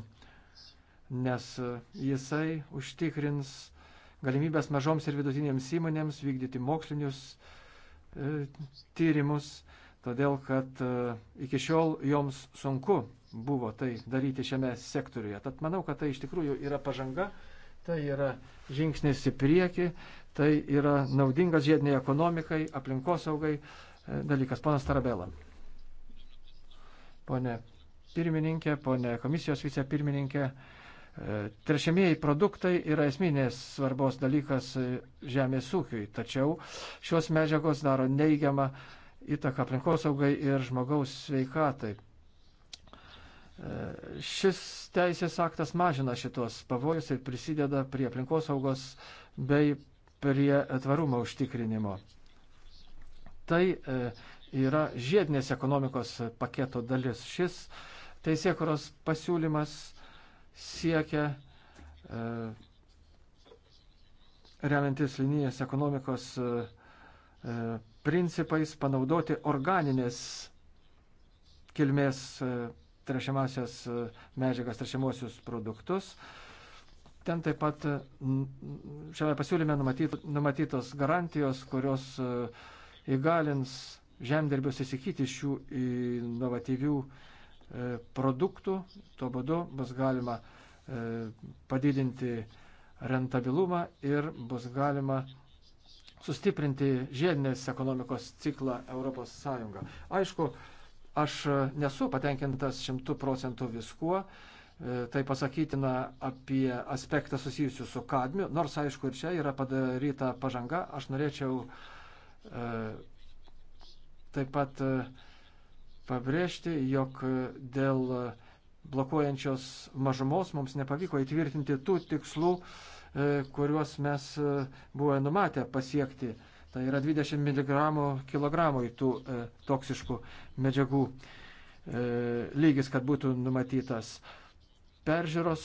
nes jisai užtikrins galimybės mažoms ir vidutinėms įmonėms vykdyti mokslinius e, tyrimus, todėl kad e, iki šiol joms sunku buvo tai daryti šiame sektoriuje. Tad manau, kad tai iš tikrųjų yra pažanga, tai yra žingsnis į priekį, tai yra naudingas žiediniai ekonomikai, aplinkosaugai. saugai dalykas. Ponas Tarabela. Pone pirmininkė, pone komisijos vicepirmininkė, e, trešiamieji produktai yra esminės svarbos dalykas e, žemės ūkiui, tačiau šios medžiagos daro neigiamą įtaką aplinkosaugai ir žmogaus sveikatai. E, šis teisės aktas mažina šitos pavojus ir prisideda prie aplinkosaugos bei prie tvarumo užtikrinimo tai e, yra žiedinės ekonomikos paketo dalis. Šis teisėkuros pasiūlymas siekia e, remiantis linijas ekonomikos e, principais panaudoti organinės kilmės trešiamasias medžiagas, trešiamosius produktus. Ten taip pat šiame pasiūlyme numatytos garantijos, kurios įgalins žemdirbius įsikyti šių inovatyvių e, produktų. Tuo būdu bus galima e, padidinti rentabilumą ir bus galima sustiprinti žiedinės ekonomikos ciklą ES. Aišku, aš nesu patenkintas šimtų procentų viskuo. E, tai pasakytina apie aspektą susijusiu su kadmiu, nors aišku ir čia yra padaryta pažanga. Aš norėčiau uh, E, taip pat e, pabrėžti, jog dėl blokuojančios mažumos mums nepavyko įtvirtinti tų tikslų, e, kuriuos mes buvome numatę pasiekti. Tai yra 20 mg kilogramui tų toksiškų medžiagų lygis, kad būtų numatytas peržiūros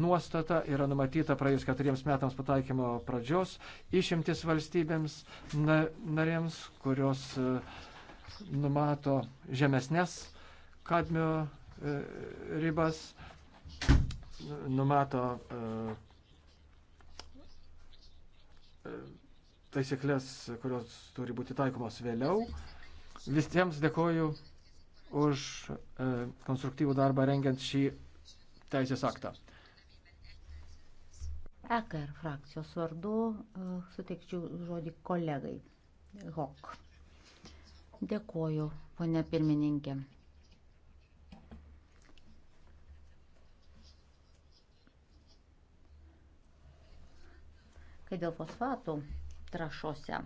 nuostata yra numatyta praėjus keturiems metams pataikymo pradžios, išimtis valstybėms na, narėms, kurios e, numato žemesnės kadmio e, ribas, numato e, taisyklės, kurios turi būti taikomos vėliau. Visiems dėkoju už konstruktyvų darbą rengiant šį teisės aktą. EKR frakcijos vardu e, suteikčiau žodį kolegai Hok. Dėkoju, ponia pirmininkė. Kai dėl fosfatų trašose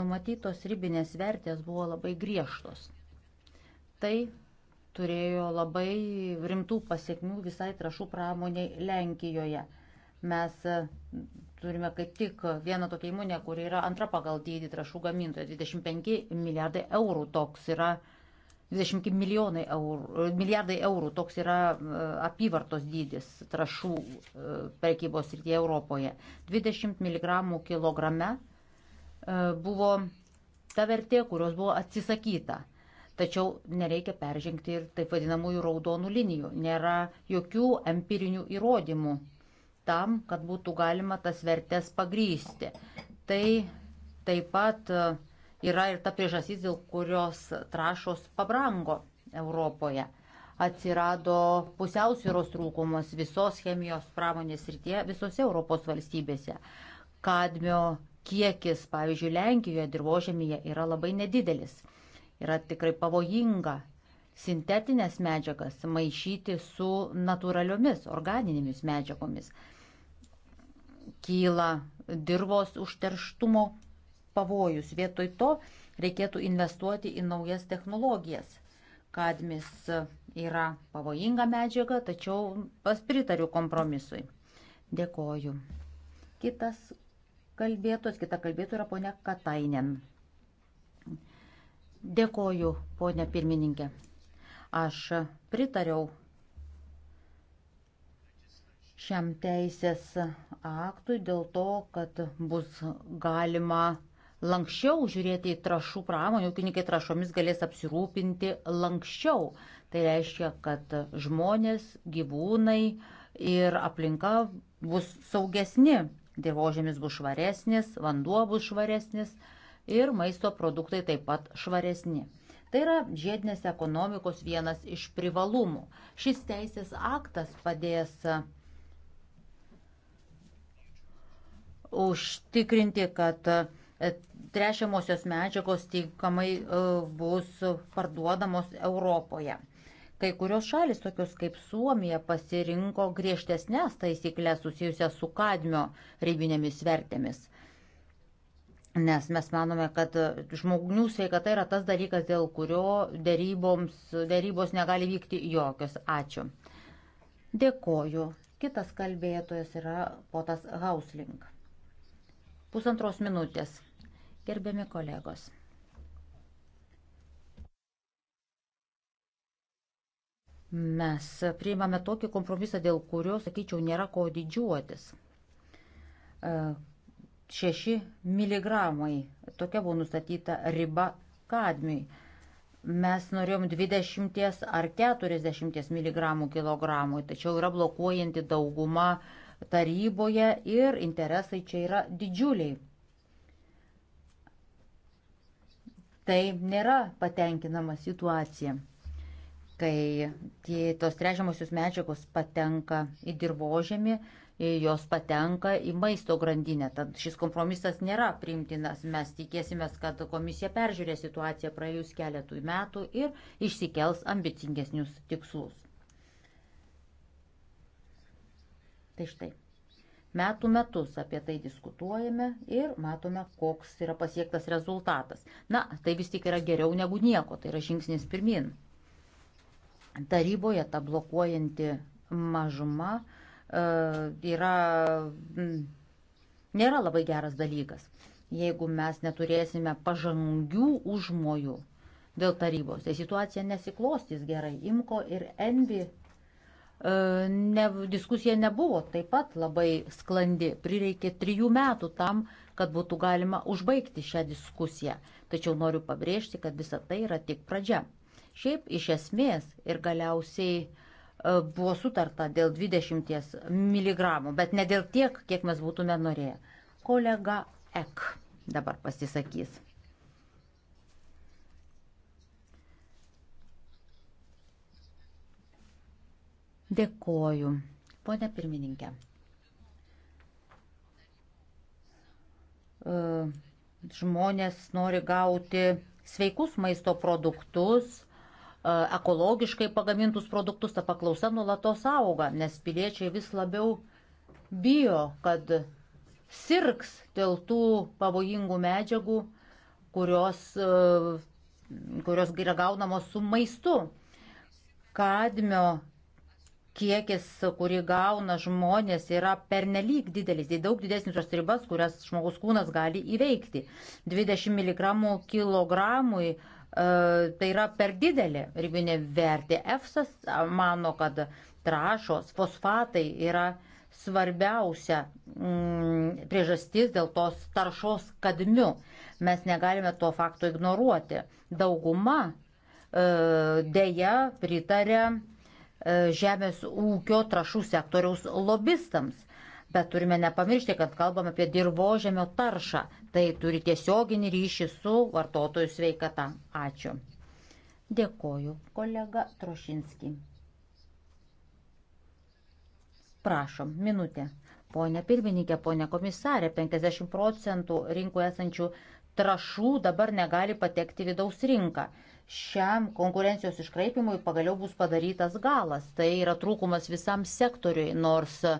numatytos ribinės vertės buvo labai griežtos. Tai turėjo labai rimtų pasiekmių visai trašų pramoniai Lenkijoje. Mes e, turime kaip tik vieną tokią įmonę, kuri yra antra pagal dydį trašų gamintoja. 25 milijardai eurų toks yra, 25 milijonai eurų, e, milijardai eurų toks yra e, apyvartos dydis trašų prekybos rytyje Europoje. 20 mg kilograme buvo ta vertė, kurios buvo atsisakyta Tačiau nereikia peržengti ir taip vadinamųjų raudonų linijų. Nėra jokių empirinių įrodymų tam, kad būtų galima tas vertės pagrysti. Tai taip pat e, yra ir ta priežasys, dėl kurios trašos pabrango Europoje atsirado pusiausvyros trūkumas visos chemijos pramonės rytie visose Europos valstybėse. Kadmio kiekis, pavyzdžiui, Lenkijoje dirbožėmėje yra labai nedidelis yra tikrai pavojinga sintetinės medžiagas maišyti su natūraliomis organinėmis medžiagomis. Kyla dirbos užterštumo pavojus. Vietoj to reikėtų investuoti į naujas technologijas. Kadmis yra pavojinga medžiaga, tačiau paspritariu kompromisui. Dėkoju. Kitas kalbėtos, kita kalbėtų yra ponia Katainen. Dėkoju, ponė pirmininkė. Aš pritariau šiam teisės aktui dėl to, kad bus galima lankščiau žiūrėti į trašų pramonę, ūkininkai trašomis galės apsirūpinti lankščiau. Tai reiškia, kad žmonės, gyvūnai ir aplinka bus saugesni, dirbožėmis bus švaresnis, vanduo bus švaresnis ir maisto produktai taip pat švaresni. Tai yra žiedinės ekonomikos vienas iš privalumų. Šis teisės aktas padės e, užtikrinti, kad e, trešiamosios medžiagos tinkamai e, bus parduodamos Europoje. Kai kurios šalis, tokios kaip Suomija, pasirinko griežtesnės taisyklės susijusias su kadmio ribinėmis vertėmis. Nes mes manome, kad e, žmonių sveikata yra tas dalykas, dėl kurio dėryboms, dėrybos negali vykti jokios. Ačiū. Dėkoju. Kitas kalbėtojas yra potas Hausling. Pusantros minutės. Gerbiami kolegos. Mes priimame tokį kompromisą, dėl kurio, sakyčiau, nėra ko didžiuotis e, 6 mg. Tokia buvo nustatyta riba kadmiui. Mes norėjom 20 ar 40 mg kilogramui, tačiau yra blokuojanti dauguma taryboje ir interesai čia yra didžiuliai. Tai nėra patenkinama situacija, kai tie, tos trežiamosios medžiagos patenka į dirbožėmį, jos patenka į maisto grandinę. Tad šis kompromisas nėra primtinas. Mes tikėsime, kad komisija peržiūrės situaciją praėjus keletui metų ir išsikels ambicingesnius tikslus. Tai štai. Metų metus apie tai diskutuojame ir matome, koks yra pasiektas rezultatas. Na, tai vis tik yra geriau negu nieko, tai yra žingsnis pirmin. Taryboje ta blokuojanti mažuma uh, E, yra, nėra labai geras dalykas, jeigu mes neturėsime pažangių užmojų dėl tarybos. Tai situacija nesiklostys gerai. Imko ir Envi e, ne, diskusija nebuvo taip pat labai sklandi. Prireikė trijų metų tam, kad būtų galima užbaigti šią diskusiją. Tačiau noriu pabrėžti, kad visa tai yra tik pradžia. Šiaip iš esmės ir galiausiai E, buvo sutarta dėl 20 mg, bet ne dėl tiek, kiek mes būtume norėję. Kolega Ek dabar pasisakys. Dėkoju, ponė pirmininkė. E, žmonės nori gauti sveikus maisto produktus E, ekologiškai pagamintus produktus, ta paklausa nulatos auga, nes piliečiai vis labiau bijo, kad sirgs dėl tų pavojingų medžiagų, kurios, e, kurios yra gaunamos su maistu. Kadmio kiekis, kurį gauna žmonės, yra pernelyg didelis, tai daug didesnis tos ribas, kurias žmogus kūnas gali įveikti. 20 mg kilogramui E, tai yra per didelė ribinė vertė. EFSAS mano, kad trašos, fosfatai yra svarbiausia mm, priežastis dėl tos taršos kadmiu. Mes negalime to fakto ignoruoti. Dauguma e, dėja pritarė e, žemės ūkio trašų sektoriaus lobistams. Bet turime nepamiršti, kad kalbame apie dirbožėmio taršą. Tai turi tiesioginį ryšį su vartotojų sveikata. Ačiū. Dėkoju, kolega Trošinski. Prašom, minutė. Pone pirmininkė, pone komisarė, 50 procentų rinkoje esančių trašų dabar negali patekti vidaus rinką. Šiam konkurencijos iškraipimui pagaliau bus padarytas galas. Tai yra trūkumas visam sektoriui, nors uh,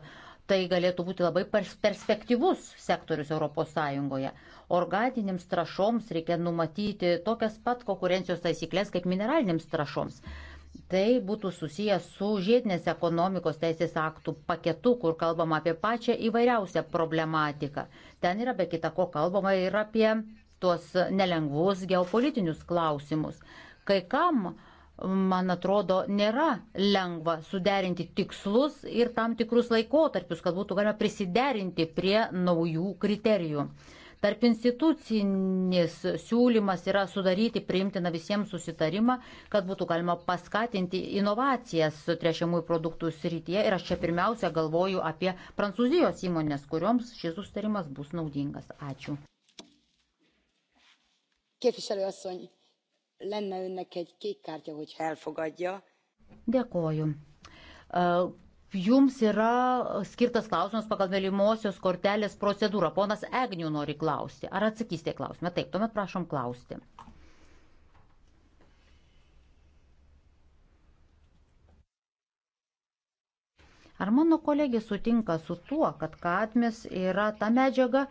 tai galėtų būti labai perspektyvus sektorius ES. Organinėms trašoms reikia numatyti tokias pat konkurencijos taisyklės kaip mineralinėms trašoms. Tai būtų susijęs su žiedinės ekonomikos teisės aktų paketu, kur kalbama apie pačią įvairiausią problematiką. Ten yra be kita ko kalbama ir apie tuos nelengvus geopolitinius klausimus. Kai kam uh, man atrodo, nėra lengva suderinti tikslus ir tam tikrus laikotarpius, kad būtų galima prisiderinti prie naujų kriterijų. Tarp institucinis siūlymas yra sudaryti priimtiną visiems susitarimą, kad būtų galima paskatinti inovacijas trešiamųjų produktų srityje. Ir aš čia pirmiausia galvoju apie prancūzijos įmonės, kurioms šis susitarimas bus naudingas. Ačiū. Képviselő asszony, lenne önnek egy kék kártya, hogy elfogadja. Dėkoju. Jums yra skirtas klausimas pagal mylimosios kortelės procedūrą. Ponas Egnių nori klausti. Ar atsakysite klausimą? Taip, tuomet prašom klausti. Ar mano kolegė sutinka su tuo, kad kadmis yra ta medžiaga,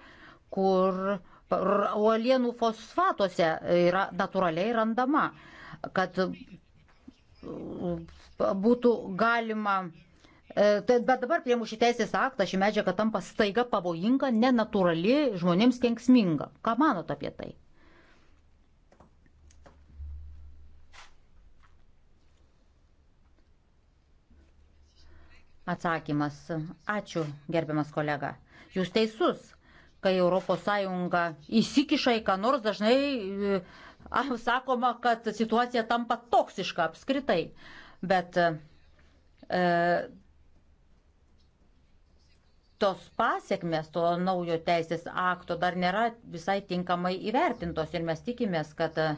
kur uh, uolienų fosfatuose yra natūraliai randama, kad uh, būtų galima. E, tai bet dabar prie mūsų teisės aktą ši medžiaga tampa staiga pavojinga, nenatūrali, žmonėms kenksminga. Ką manot apie tai? Atsakymas. Ačiū, gerbiamas kolega. Jūs teisus kai ES įsikiša į ką nors, dažnai e, sakoma, kad situacija tampa toksiška apskritai. Bet e, tos pasiekmes to naujo teisės akto dar nėra visai tinkamai įvertintos ir mes tikimės, kad e,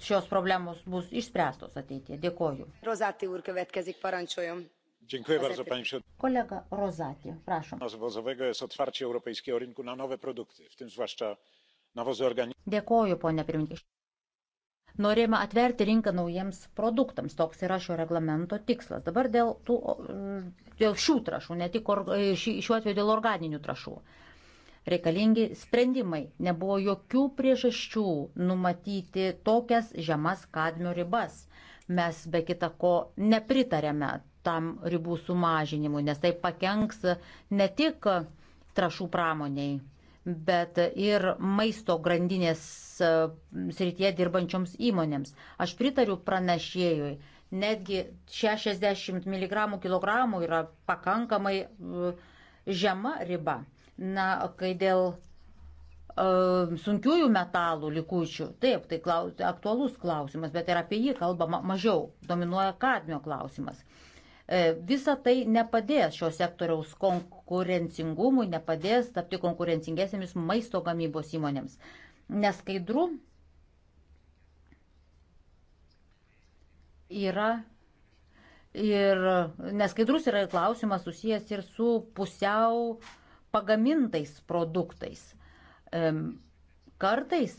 šios problemos bus išspręstos ateityje. Dėkoju. Rozatį urkavėt, kazik parančiojom. Dziękuję bardzo, panie przewodniczący. Kolega Rozati, prašom. Nawozowego jest otwarcie europejskiego rynku na nowe produkty, w tym zwłaszcza nawozy organiczne. Dėkoju, ponia pirmininkė. Norėjome atverti rinką naujiems produktams, toks yra šio reglamento tikslas. Dabar dėl, tų, dėl šių trašų, ne tik or, šiuo atveju dėl organinių trašų. Reikalingi sprendimai. Nebuvo jokių priežasčių numatyti tokias žemas kadmio ribas. Mes be kita ko nepritarėme tam ribų sumažinimui, nes tai pakenks ne tik trašų pramoniai, bet ir maisto grandinės e, srityje dirbančioms įmonėms. Aš pritariu pranešėjui, netgi 60 mg kg yra pakankamai e, žema riba. Na, kai dėl uh, sunkiųjų metalų likučių, taip, tai klaus, aktualus klausimas, bet ir apie jį kalbama mažiau, dominuoja kadmio klausimas. Uh, E, visa tai nepadės šio sektoriaus konkurencingumui, nepadės tapti konkurencingesnėmis maisto gamybos įmonėms. Neskaidru yra ir neskaidrus yra ir klausimas susijęs ir su pusiau pagamintais produktais. Kartais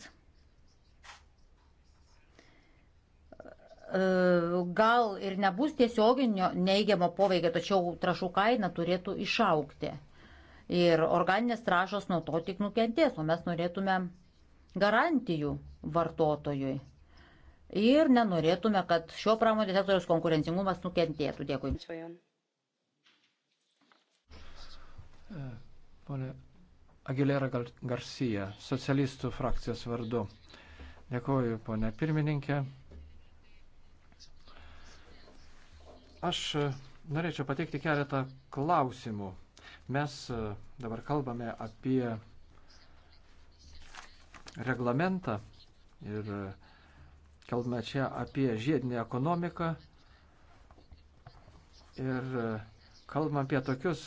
E, gal ir nebus tiesioginio neigiamo poveikio, tačiau trašų kaina turėtų išaukti. Ir organinės trašos nuo to tik nukentės, o mes norėtume garantijų vartotojui. Ir nenorėtume, kad šio pramonės sektoriaus konkurencingumas nukentėtų. Dėkui. E, pone Agilera Garcia, socialistų frakcijos vardu. Dėkuoju, ponė pirmininkė. Aš e, norėčiau pateikti keletą klausimų. Mes e, dabar kalbame apie reglamentą ir e, kalbame čia apie žiedinę ekonomiką ir kalbame apie tokius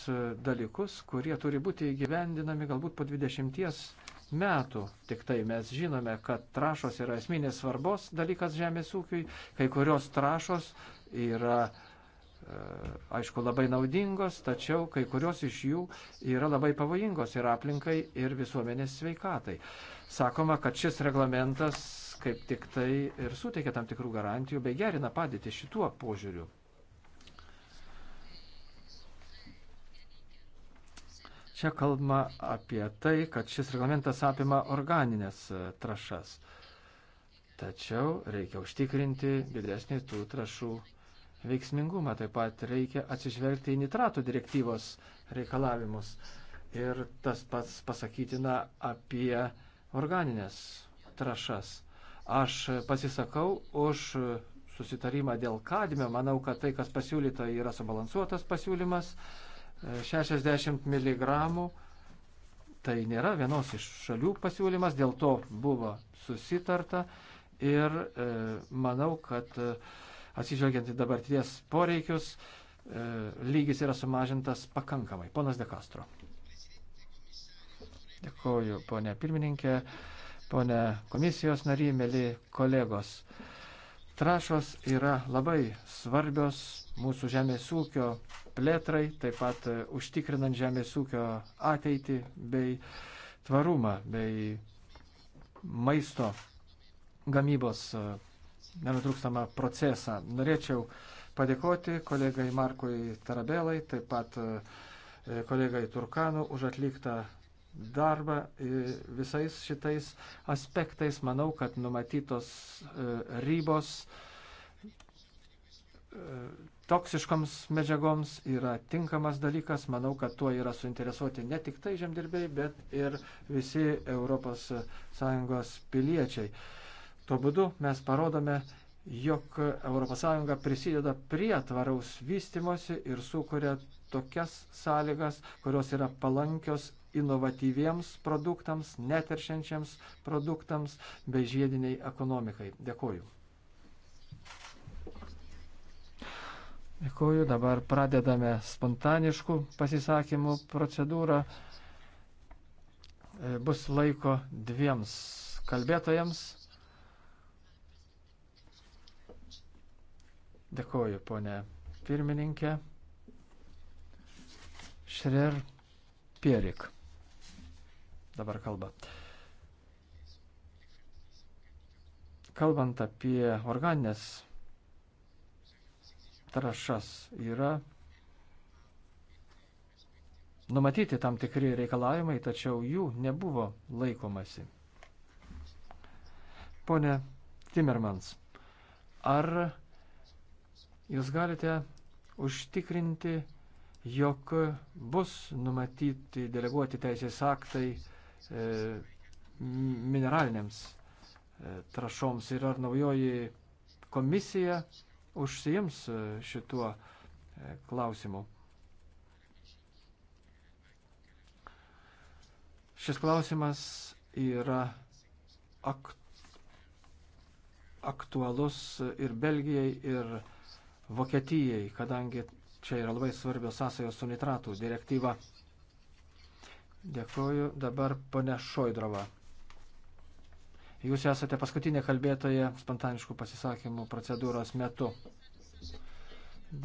dalykus, kurie turi būti įgyvendinami galbūt po 20 metų. Tik tai mes žinome, kad trašos yra esminės svarbos dalykas žemės ūkiui, kai kurios trašos yra uh, E, aišku, labai naudingos, tačiau kai kurios iš jų yra labai pavojingos ir aplinkai, ir visuomenės sveikatai. Sakoma, kad šis reglamentas kaip tik tai ir suteikia tam tikrų garantijų, bei gerina padėtį šituo požiūriu. Čia kalbama apie tai, kad šis reglamentas apima organinės e, trašas. Tačiau reikia užtikrinti didesnį tų trašų veiksmingumą. Taip pat reikia atsižvelgti į nitratų direktyvos reikalavimus. Ir tas pats pasakytina apie organinės trašas. Aš pasisakau už susitarimą dėl kadmio. Manau, kad tai, kas pasiūlyta, yra subalansuotas pasiūlymas. 60 mg tai nėra vienos iš šalių pasiūlymas, dėl to buvo susitarta. Ir e, manau, kad e, atsižvelgiant į dabarties poreikius, e, lygis yra sumažintas pakankamai. Ponas De Castro. Dėkoju, ponė pirmininkė, ponė komisijos nariai, mėly kolegos. Trašos yra labai svarbios mūsų žemės ūkio plėtrai, taip pat e, užtikrinant žemės ūkio ateitį bei tvarumą bei maisto gamybos e, nenutrūkstamą procesą. Norėčiau padėkoti kolegai Markui Tarabelai, taip pat e, kolegai Turkanu už atliktą darbą visais šitais aspektais. Manau, kad numatytos e, rybos e, toksiškoms medžiagoms yra tinkamas dalykas. Manau, kad tuo yra suinteresuoti ne tik tai žemdirbiai, bet ir visi ES piliečiai. Tuo būdu mes parodome, jog ES prisideda prie tvaraus vystimosi ir sukuria tokias sąlygas, kurios yra palankios inovatyviems produktams, neteršiančiams produktams bei žiediniai ekonomikai. Dėkuoju. Dėkuoju, dabar pradedame spontaniškų pasisakymų procedūrą. E, bus laiko dviems kalbėtojams. Dėkoju, ponė pirmininkė. Šrer Pierik. Dabar kalba. Kalbant apie organinės trašas, yra numatyti tam tikri reikalavimai, tačiau jų nebuvo laikomasi. Pone Timmermans, ar jūs galite užtikrinti, jog bus numatyti deleguoti teisės aktai e, mineraliniams e, trašoms ir ar naujoji komisija užsijims e, šituo e, klausimu. Šis klausimas yra ak aktualus ir Belgijai, ir Vokietijai, kadangi čia yra labai svarbios sąsajos su nitratų direktyva. Dėkuoju dabar ponia Šoidrova. Jūs esate paskutinė kalbėtoja spontaniškų pasisakymų procedūros metu.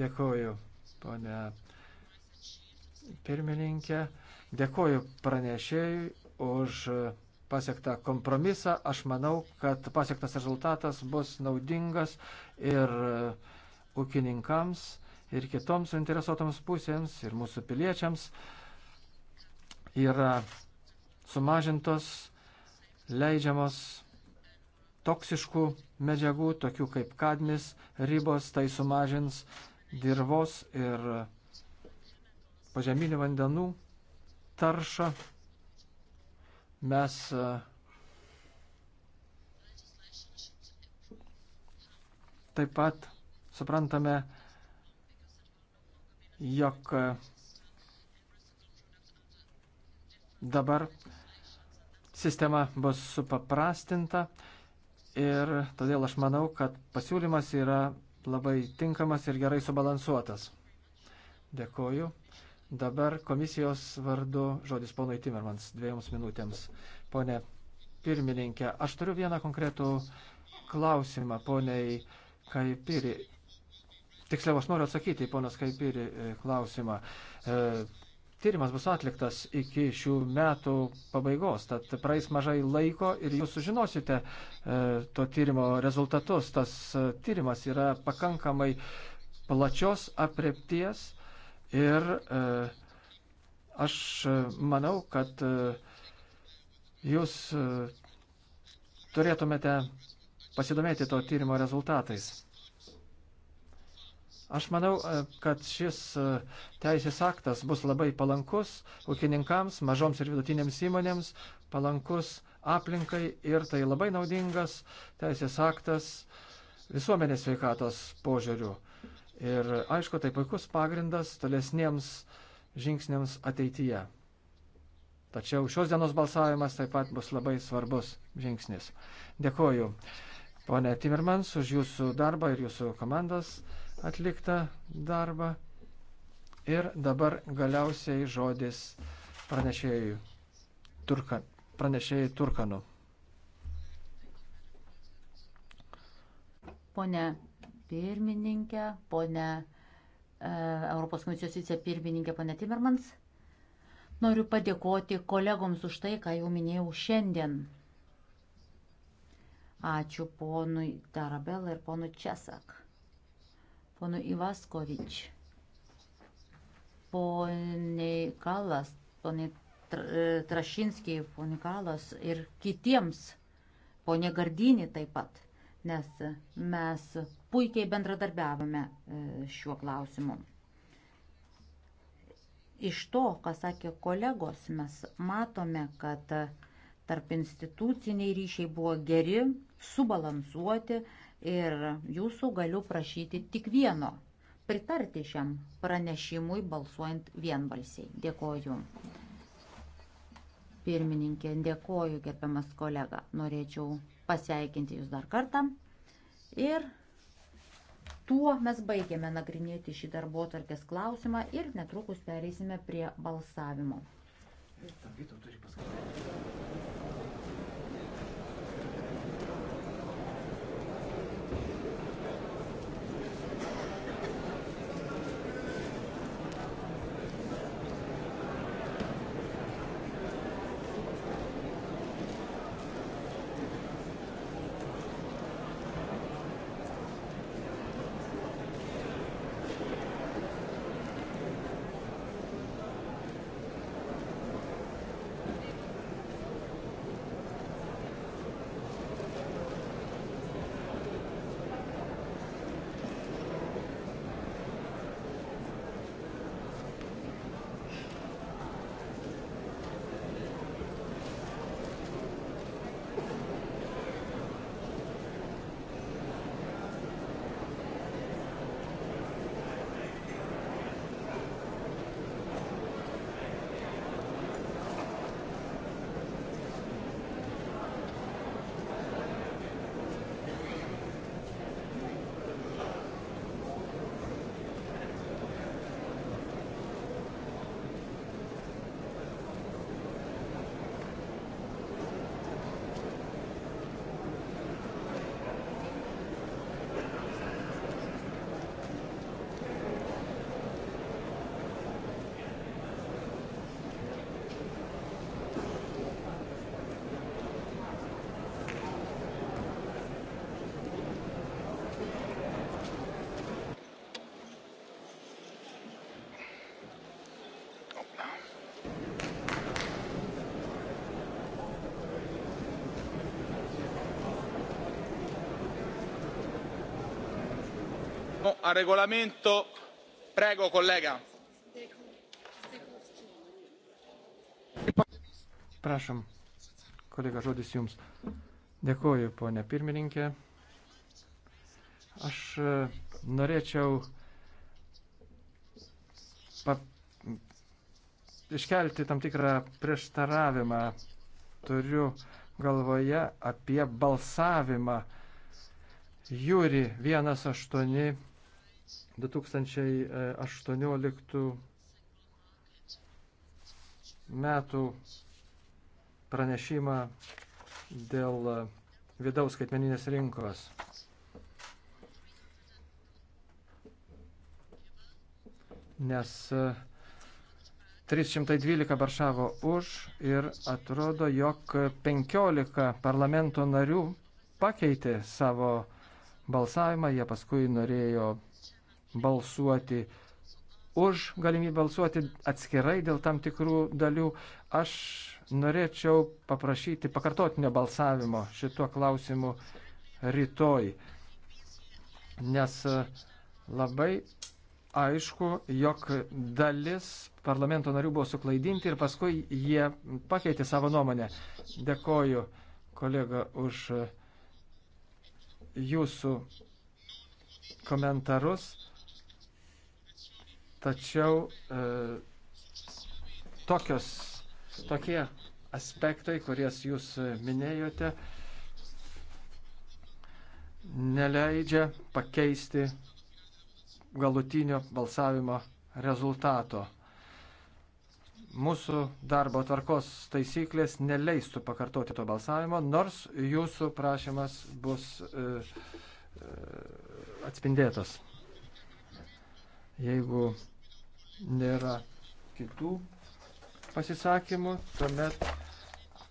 Dėkuoju, ponia pirmininkė. Dėkuoju pranešėjui už pasiektą kompromisą. Aš manau, kad pasiektas rezultatas bus naudingas ir uh, ūkininkams ir kitoms suinteresuotoms pusėms ir mūsų piliečiams yra sumažintos leidžiamos toksiškų medžiagų, tokių kaip kadmis, ribos, tai sumažins dirvos ir pažeminių vandenų taršą. Mes e, taip pat suprantame, jog dabar sistema bus supaprastinta ir todėl aš manau, kad pasiūlymas yra labai tinkamas ir gerai subalansuotas. Dėkoju. Dabar komisijos vardu žodis ponui Timermans dviejoms minutėms. Pone pirmininkė, aš turiu vieną konkretų klausimą poniai Kaipiri Tiksliau, aš noriu atsakyti į ponas Kaipirį e, klausimą. E, tyrimas bus atliktas iki šių metų pabaigos, tad praeis mažai laiko ir jūs sužinosite e, to tyrimo rezultatus. Tas tyrimas yra pakankamai plačios aprepties ir aš manau, kad jūs turėtumėte pasidomėti to tyrimo rezultatais. Aš manau, e, kad šis e, teisės aktas bus labai palankus ūkininkams, mažoms ir vidutinėms įmonėms, palankus aplinkai ir tai labai naudingas teisės aktas visuomenės sveikatos požiūrių. Ir aišku, tai puikus pagrindas tolesniems žingsniams ateityje. Tačiau šios dienos balsavimas taip pat bus labai svarbus žingsnis. Dėkoju, ponė Timirmans, už jūsų darbą ir jūsų komandas atliktą darbą. Ir dabar galiausiai žodis pranešėjui, turka, pranešėjui Turkanu. Pone pirmininkė, pone e, Europos komisijos vicepirmininkė, pone Timmermans, noriu padėkoti kolegoms už tai, ką jau minėjau šiandien. Ačiū ponui Tarabelą ir ponui Česak ponui Ivaskovič, poniai Kalas, poniai e, Trašinskiai, poniai Kalas ir kitiems, poniai Gardinį taip pat, nes mes puikiai bendradarbiavome e, šiuo klausimu. Iš to, ką sakė kolegos, mes matome, kad e, tarp instituciniai ryšiai buvo geri, subalansuoti, Ir jūsų galiu prašyti tik vieno - pritarti šiam pranešimui balsuojant vienbalsiai. Dėkoju. Pirmininkė, dėkoju, gerbiamas kolega. Norėčiau pasveikinti jūs dar kartą. Ir tuo mes baigėme nagrinėti šį darbo tvarkės klausimą ir netrukus pereisime prie balsavimo. Ir tam vytam turi pasakyti. al regolamento prego kolega prašom kolega žodis jums dėkoju ponia pirmininkė aš e, norėčiau pa... iškelti tam tikrą prieštaravimą turiu galvoje apie balsavimą Jūri 18 2018 metų pranešimą dėl vidaus skaitmeninės rinkos. Nes 312 e, baršavo už ir atrodo, jog 15 parlamento narių pakeitė savo balsavimą, jie paskui norėjo balsuoti už galimybę balsuoti atskirai dėl tam tikrų dalių. Aš norėčiau paprašyti pakartotinio balsavimo šituo klausimu rytoj, nes e, labai aišku, jog dalis parlamento narių buvo suklaidinti ir paskui jie pakeitė savo nuomonę. Dėkoju, kolega, už e, jūsų komentarus. Tačiau e, tokios, tokie aspektai, kurias jūs minėjote, neleidžia pakeisti galutinio balsavimo rezultato. Mūsų darbo tvarkos taisyklės neleistų pakartoti to balsavimo, nors jūsų prašymas bus e, e, atspindėtas. Jeigu nėra kitų pasisakymų, tuomet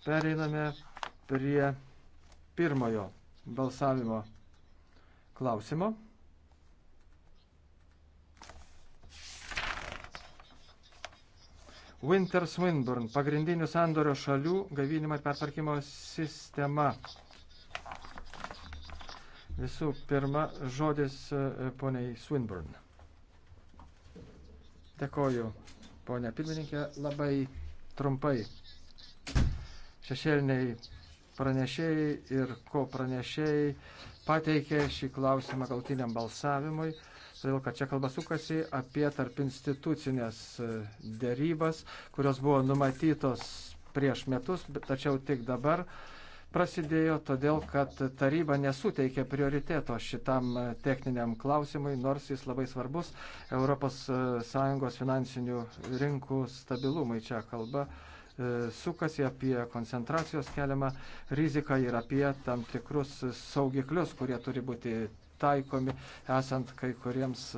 pereiname prie pirmojo balsavimo klausimo. Winter Swinburne - pagrindinių sandorio šalių gavinimo ir pertvarkymo sistema. Visų pirma, žodis e, poniai Swinburne. Dėkoju, ponia pirmininkė, labai trumpai. Šešėliniai pranešėjai ir ko pranešėjai pateikė šį klausimą galtiniam balsavimui, todėl kad čia kalba sukasi apie tarp institucinės e, dėrybas, kurios buvo numatytos prieš metus, tačiau tik dabar uh, prasidėjo todėl, kad taryba nesuteikė prioriteto šitam e, techniniam klausimui, nors jis labai svarbus ES e, finansinių rinkų stabilumai. Čia kalba e, sukasi apie koncentracijos keliamą riziką ir apie tam tikrus saugiklius, kurie turi būti taikomi esant kai kuriems